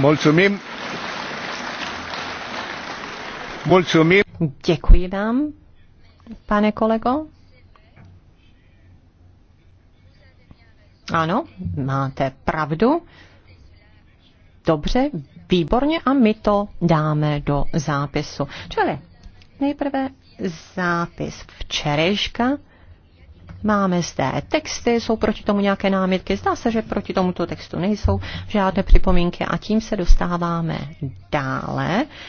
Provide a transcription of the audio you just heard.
Mulțumim. Mulțumim. Děkuji vám, pane kolego. Ano, máte pravdu. Dobře, výborně a my to dáme do zápisu. Čili nejprve zápis včerejška. Máme zde texty, jsou proti tomu nějaké námitky, zdá se, že proti tomuto textu nejsou žádné připomínky a tím se dostáváme dále.